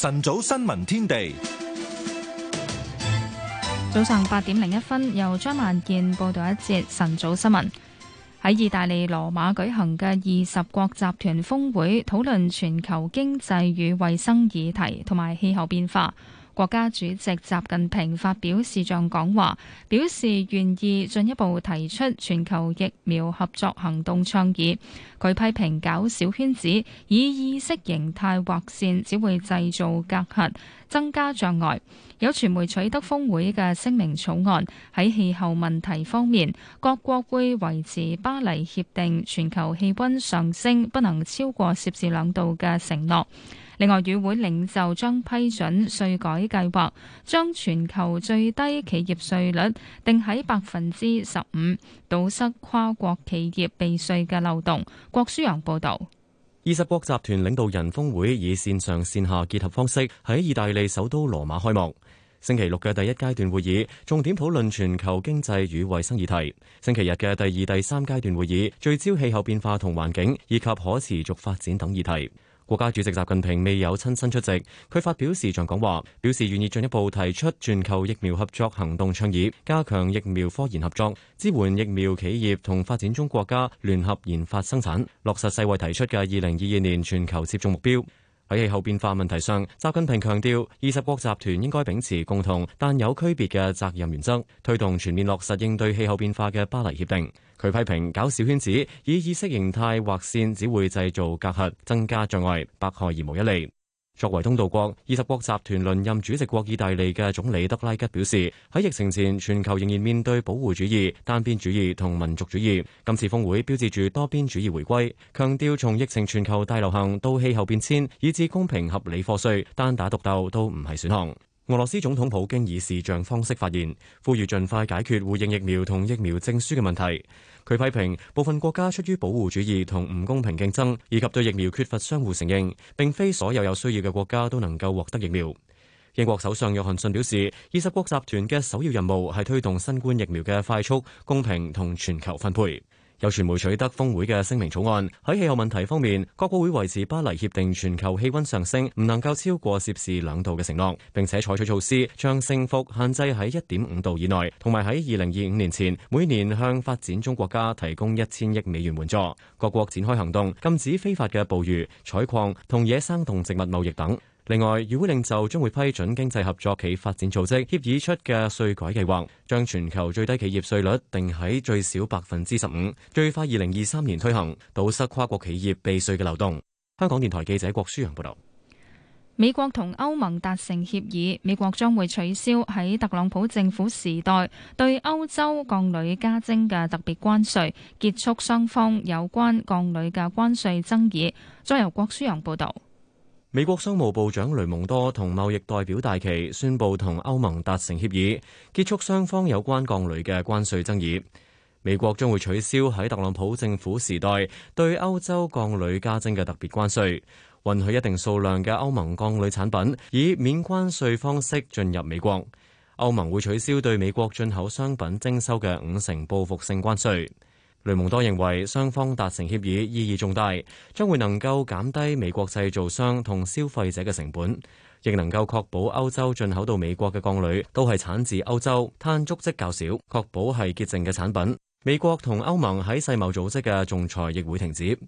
晨早新聞天地，早上八點零一分，由張萬健報道一節晨早新聞。喺意大利羅馬舉行嘅二十國集團峰會，討論全球經濟與衛生議題同埋氣候變化。國家主席習近平發表視像講話，表示願意進一步提出全球疫苗合作行動倡議。佢批評搞小圈子、以意識形態劃線，只會製造隔閡、增加障礙。有傳媒取得峰會嘅聲明草案，喺氣候問題方面，各國會維持巴黎協定，全球氣溫上升不能超過攝氏兩度嘅承諾。另外，與會領袖將批准稅改計劃，將全球最低企業稅率定喺百分之十五，堵塞跨國企業避稅嘅漏洞。郭舒洋報導。二十國集團領導人峰會以線上線下結合方式喺意大利首都羅馬開幕。星期六嘅第一階段會議重點討論全球經濟與衞生議題。星期日嘅第二、第三階段會議聚焦氣候變化同環境以及可持續發展等議題。國家主席習近平未有親身出席，佢發表時長講話，表示願意進一步提出全球疫苗合作行動倡議，加強疫苗科研合作，支援疫苗企業同發展中國家聯合研發生產，落實世衛提出嘅二零二二年全球接種目標。喺氣候變化問題上，習近平強調，二十國集團應該秉持共同但有區別嘅責任原則，推動全面落實應對氣候變化嘅巴黎協定。佢批評搞小圈子、以意識形態劃線，只會製造隔閡，增加障礙，百害而無一利。作為東道國，二十國集團輪任主席國意大利嘅總理德拉吉表示，喺疫情前，全球仍然面對保護主義、單邊主義同民族主義。今次峰會標誌住多邊主義回歸，強調從疫情全球大流行到氣候變遷，以致公平合理課稅，單打獨鬥都唔係選項。俄羅斯總統普京以視像方式發言，呼籲盡快解決互認疫苗同疫苗證書嘅問題。佢批評部分國家出於保護主義同唔公平競爭，以及對疫苗缺乏相互承認，並非所有有需要嘅國家都能夠獲得疫苗。英國首相約翰遜表示，二十國集團嘅首要任務係推動新冠疫苗嘅快速、公平同全球分配。有傳媒取得峰會嘅聲明草案，喺氣候問題方面，各國會維持巴黎協定全球氣溫上升唔能夠超過攝氏兩度嘅承諾，並且採取措施將升幅限制喺一點五度以內，同埋喺二零二五年前每年向發展中國家提供一千億美元援助。各國展開行動，禁止非法嘅捕魚、採礦同野生動植物貿易等。另外，與會領袖將會批准經濟合作暨發展組織協議出嘅稅改計劃，將全球最低企業稅率定喺最少百分之十五，最快二零二三年推行，堵塞跨國企業避稅嘅漏洞。香港電台記者郭舒揚報導。美國同歐盟達成協議，美國將會取消喺特朗普政府時代對歐洲鋼鋁加徵嘅特別關稅，結束雙方有關鋼鋁嘅關稅爭議。再由郭舒揚報導。美國商務部長雷蒙多同貿易代表戴琪宣布同歐盟達成協議，結束雙方有關鋼鋁嘅關稅爭議。美國將會取消喺特朗普政府時代對歐洲鋼鋁加徵嘅特別關稅，允許一定數量嘅歐盟鋼鋁產品以免關稅方式進入美國。歐盟會取消對美國進口商品徵收嘅五成報復性關稅。雷蒙多認為雙方達成協議意義重大，將會能夠減低美國製造商同消費者嘅成本，亦能夠確保歐洲進口到美國嘅鋼鋁都係產自歐洲，碳足跡較少，確保係潔淨嘅產品。美國同歐盟喺世貿組織嘅仲裁亦會停止。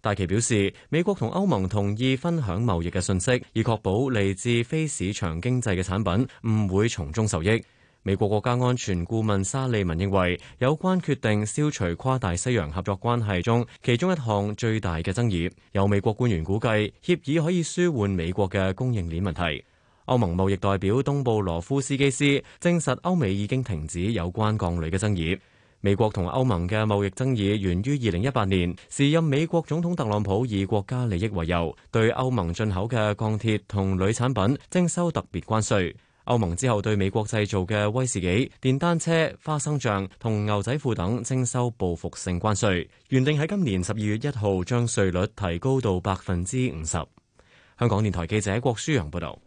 戴琪表示，美國同歐盟同意分享貿易嘅信息，以確保嚟自非市場經濟嘅產品唔會從中受益。美國國家安全顧問沙利文認為，有關決定消除跨大西洋合作關係中其中一項最大嘅爭議。有美國官員估計，協議可以舒緩美國嘅供應鏈問題。歐盟貿易代表東布羅夫斯基斯證實，歐美已經停止有關鋼鋁嘅爭議。美國同歐盟嘅貿易爭議源於二零一八年，時任美國總統特朗普以國家利益為由，對歐盟進口嘅鋼鐵同鋁產品徵收特別關稅。歐盟之後對美國製造嘅威士忌、電單車、花生醬同牛仔褲等徵收報復性關稅，原定喺今年十二月一號將稅率提高到百分之五十。香港電台記者郭舒揚報道。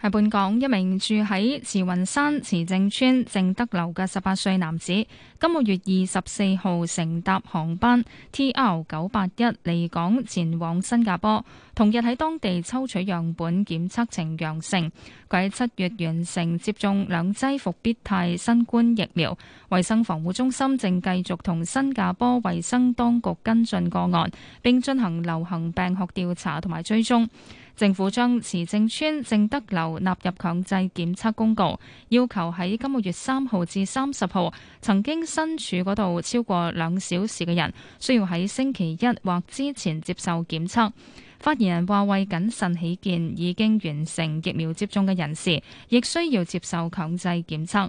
係本港一名住喺慈雲山慈正邨正德樓嘅十八歲男子，今個月二十四號乘搭航班 TR 九八一離港前往新加坡，同日喺當地抽取樣本檢測呈陽性。佢喺七月完成接種兩劑復必泰新冠疫苗。衛生防護中心正繼續同新加坡衛生當局跟進個案，並進行流行病學調查同埋追蹤。政府將慈正邨正德樓納入強制檢測公告，要求喺今個月三號至三十號曾經身處嗰度超過兩小時嘅人，需要喺星期一或之前接受檢測。發言人話，為謹慎起見，已經完成疫苗接種嘅人士亦需要接受強制檢測。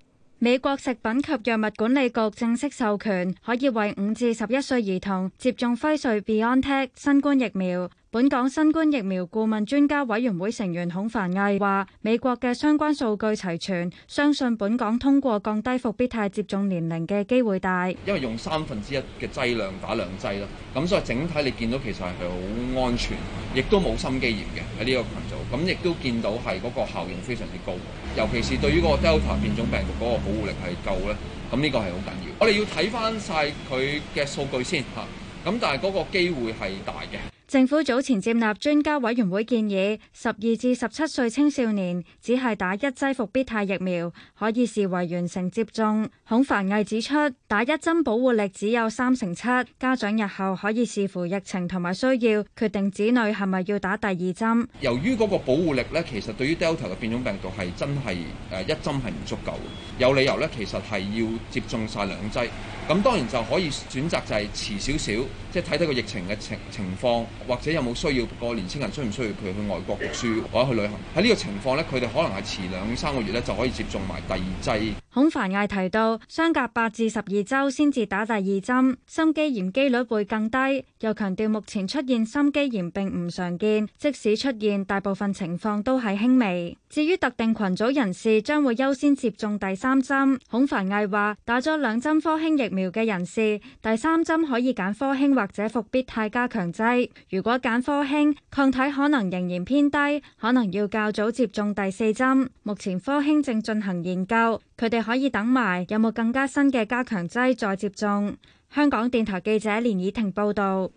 美國食品及藥物管理局正式授權，可以為五至十一歲兒童接種輝瑞 BioNTech 新冠疫苗。本港新冠疫苗顧問專家委員會成員孔凡毅話，美國嘅相關數據齊全，相信本港通過降低復必泰接種年齡嘅機會大。因為用三分之一嘅劑量打兩劑啦，咁所以整體你見到其實係係好安全，亦都冇心肌炎嘅喺呢個群組，咁亦都見到係嗰個效應非常之高，尤其是對於個 Delta 變種病毒嗰個保護力係夠咧，咁呢個係好緊要。我哋要睇翻晒佢嘅數據先吓，咁但係嗰個機會係大嘅。政府早前接納專家委員會建議，十二至十七歲青少年只係打一劑復必泰疫苗，可以視為完成接種。孔繁毅指出，打一針保護力只有三成七，家長日後可以視乎疫情同埋需要，決定子女係咪要打第二針。由於嗰個保護力呢，其實對於 Delta 嘅變種病毒係真係誒，一針係唔足夠，有理由呢，其實係要接種晒兩劑。咁、嗯、當然就可以選擇就係遲少少，即係睇睇個疫情嘅情情況，或者有冇需要，個年青人需唔需要佢去外國讀書或者去旅行，喺呢個情況呢，佢哋可能係遲兩三個月呢就可以接種埋第二劑。孔繁毅提到，相隔八至十二週先至打第二針，心肌炎機率會更低。又強調目前出現心肌炎並唔常見，即使出現，大部分情況都係輕微。至於特定群組人士將會優先接種第三針，孔繁毅話打咗兩針科興疫苗。苗嘅人士，第三針可以揀科興或者復必泰加強劑，如果揀科興抗體可能仍然偏低，可能要較早接種第四針，目前科興正進行研究，佢哋可以等埋有冇更加新嘅加強劑再接種，香港電台記者連以婷報道。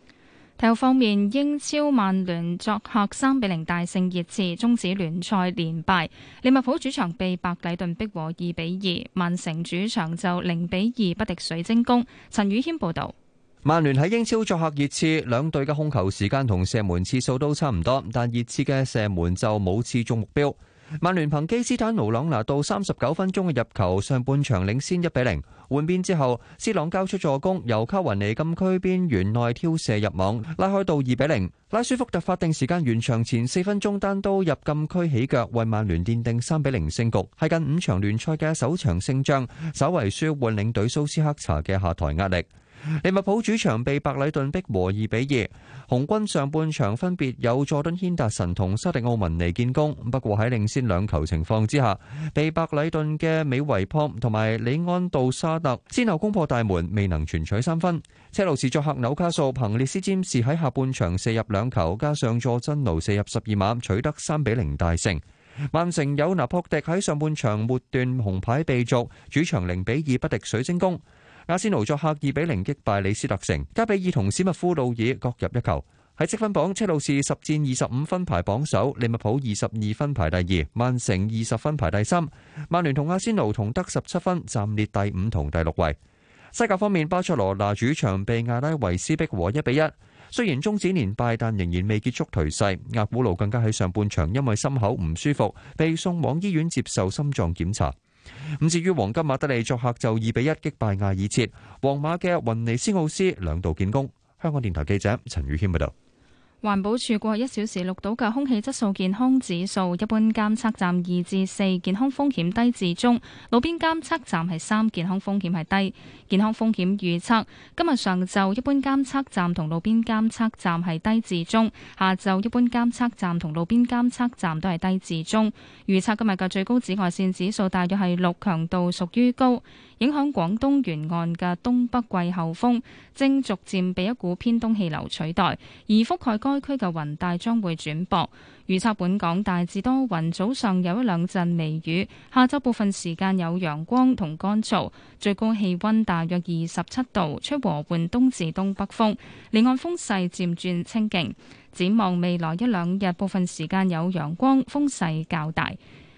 體育方面，英超曼聯作客三比零大勝熱刺，終止聯賽連敗。利物浦主場被白禮頓逼和二比二。曼城主場就零比二不敵水晶宮。陳宇謙報道。曼聯喺英超作客熱刺，兩隊嘅控球時間同射門次數都差唔多，但熱刺嘅射門就冇次中目標。曼聯憑基斯坦奴朗拿度三十九分鐘嘅入球，上半場領先一比零。換邊之後，斯朗交出助攻，由卡云尼禁區邊緣內挑射入網，拉開到二比零。拉舒福特法定時間完場前四分鐘單刀入禁區起腳，為曼聯奠定三比零勝局，係近五場聯賽嘅首場勝仗，稍為舒緩領隊蘇斯克查嘅下台壓力。利物浦主場被白禮頓逼和二比二，紅軍上半場分別有佐敦、軒達臣同沙迪奧文尼建功，不過喺領先兩球情況之下，被白禮頓嘅美維潑同埋李安道沙特先後攻破大門，未能全取三分。車路士作客紐卡素，憑列斯占士喺下半場射入兩球，加上佐真奴射入十二碼，取得三比零大勝。曼城有納撲迪喺上半場末段紅牌被逐，主場零比二不敵水晶宮。阿仙奴作客二比零擊敗李斯特城，加比爾同史密夫路爾各入一球。喺積分榜，車路士十戰二十五分排榜首，利物浦二十二分排第二，曼城二十分排第三。曼聯同阿仙奴同得十七分，暫列第五同第六位。西甲方面，巴塞羅那主場被亞拉維斯逼和一比一，雖然中止連敗，但仍然未結束頹勢。阿古路更加喺上半場因為心口唔舒服，被送往醫院接受心臟檢查。咁至於黃金馬德里作客就二比一擊敗亞爾切，皇馬嘅雲尼斯奧斯兩度建功。香港電台記者陳宇謙報道。環保處過去一小時錄到嘅空氣質素健康指數，一般監測站二至四，健康風險低至中；路邊監測站係三，健康風險係低。健康風險預測，今日上晝一般監測站同路邊監測站係低至中，下晝一般監測站同路邊監測站都係低至中。預測今日嘅最高紫外線指數大約係六，強度屬於高。影響廣東沿岸嘅東北季候風正逐漸被一股偏東氣流取代，而覆蓋該區嘅雲帶將會轉薄。預測本港大致多雲，早上有一兩陣微雨，下晝部分時間有陽光同乾燥，最高氣温大約二十七度，吹和緩東至東北風，離岸風勢漸轉清勁。展望未來一兩日，部分時間有陽光，風勢較大。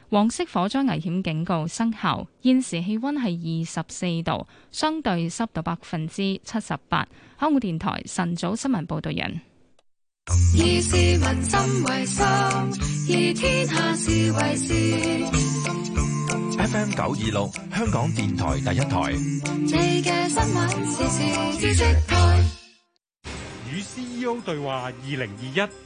黃色火災危險警告生效。現時氣温係二十四度，相對濕度百分之七十八。香港電台晨早新聞報道人。以事物心為心，以天下事為事。F.M. 九二六，香港電台第一台。你嘅新聞時事知識台。與 C.E.O. 對話二零二一。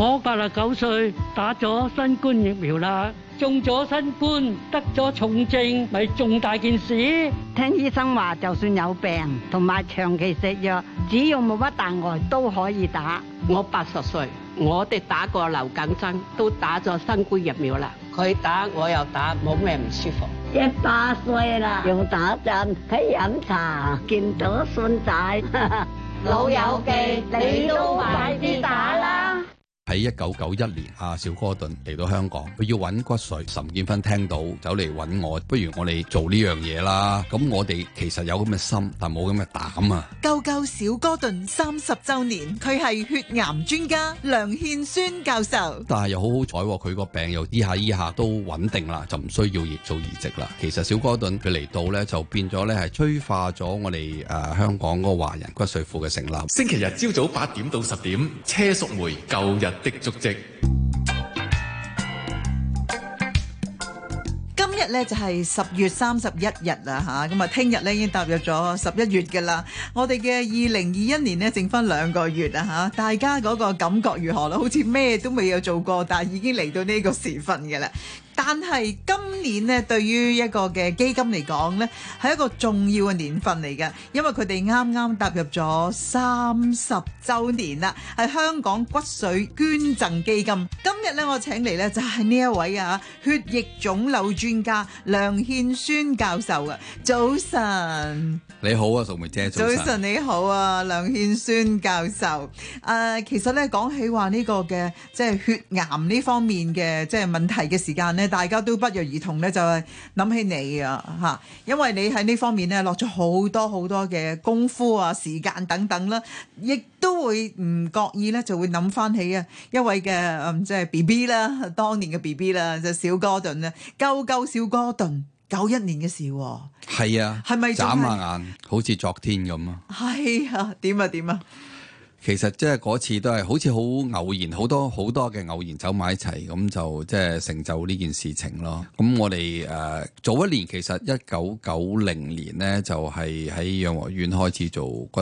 我八十九歲，打咗新冠疫苗啦，中咗新冠，得咗重症，咪仲大件事。聽醫生話，就算有病同埋長期食藥，只要冇乜大礙都可以打。我八十歲，我哋打過流感針，都打咗新冠疫苗啦。佢打我又打，冇咩唔舒服。一百歲啦，用打針，喺飲茶，見到信仔，老友記，你都快啲打啦！喺一九九一年，阿小哥頓嚟到香港，佢要揾骨髓。岑建勳聽到走嚟揾我，不如我哋做呢樣嘢啦。咁我哋其實有咁嘅心，但冇咁嘅膽啊。救救小哥頓三十周年，佢係血癌專家梁憲宣教授。但係又好好彩，佢個病又醫下醫下都穩定啦，就唔需要做移植啦。其實小哥頓佢嚟到呢，就變咗呢，係催化咗我哋誒香港嗰個華人骨髓庫嘅成立。星期日朝早八點到十點，車淑梅舊日的足跡。今日咧就係十月三十一日啦，嚇咁啊！聽日咧已經踏入咗十一月噶啦，我哋嘅二零二一年咧剩翻兩個月啦，嚇大家嗰個感覺如何啦？好似咩都未有做過，但係已經嚟到呢個時分嘅啦。但係今年咧，對於一個嘅基金嚟講咧，係一個重要嘅年份嚟嘅，因為佢哋啱啱踏入咗三十周年啦。係香港骨髓捐贈基金。今日咧，我請嚟咧就係呢一位啊，血液腫瘤專家梁憲孫教授啊。早晨，你好啊，淑梅姐。早晨，你好啊，梁憲孫教授。誒，其實咧講起話呢個嘅即係血癌呢方面嘅即係問題嘅時間咧。大家都不約而同咧，就係諗起你啊，吓，因為你喺呢方面咧落咗好多好多嘅功夫啊、時間等等啦，亦都會唔覺意咧就會諗翻起啊一位嘅即係 BB 啦，當年嘅 BB 啦，就小哥頓咧，鳩鳩小哥頓，九一年嘅事喎，係啊，係咪眨下眼，眼好似昨天咁啊？係啊，點啊點啊！其實即係嗰次都係好似好偶然，好多好多嘅偶然走埋一齊，咁就即係成就呢件事情咯。咁我哋誒、呃、早一年，其實一九九零年呢，就係喺養和院開始做。